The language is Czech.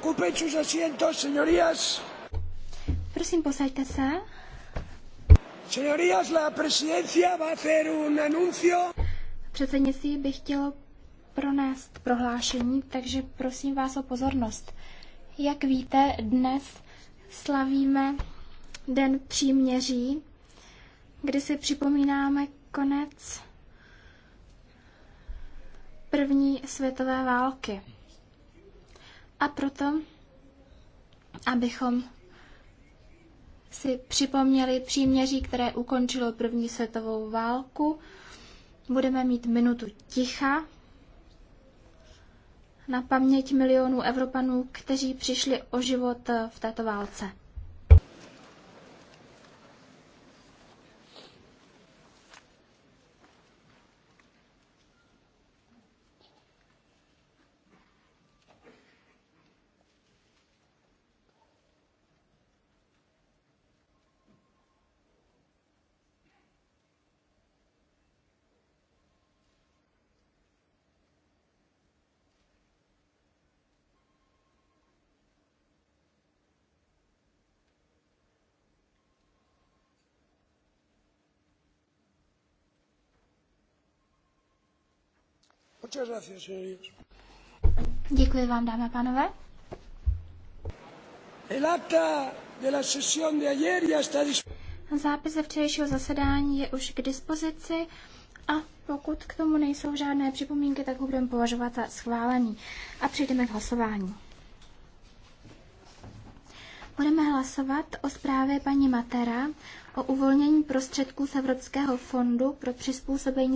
Ocupen sus asientos, señorías. Prosím, posaďte se. Señorías, la presidencia va a hacer un anuncio. Předsednictví bych chtělo pronést prohlášení, takže prosím vás o pozornost. Jak víte, dnes slavíme Den příměří, kdy si připomínáme konec první světové války. A proto, abychom si připomněli příměří, které ukončilo první světovou válku, budeme mít minutu ticha na paměť milionů Evropanů, kteří přišli o život v této válce. Děkuji vám, dámy a pánové. Zápis ze včerejšího zasedání je už k dispozici a pokud k tomu nejsou žádné připomínky, tak ho budeme považovat za schválený a přejdeme k hlasování. Budeme hlasovat o zprávě paní Matera o uvolnění prostředků z Evropského fondu pro přizpůsobení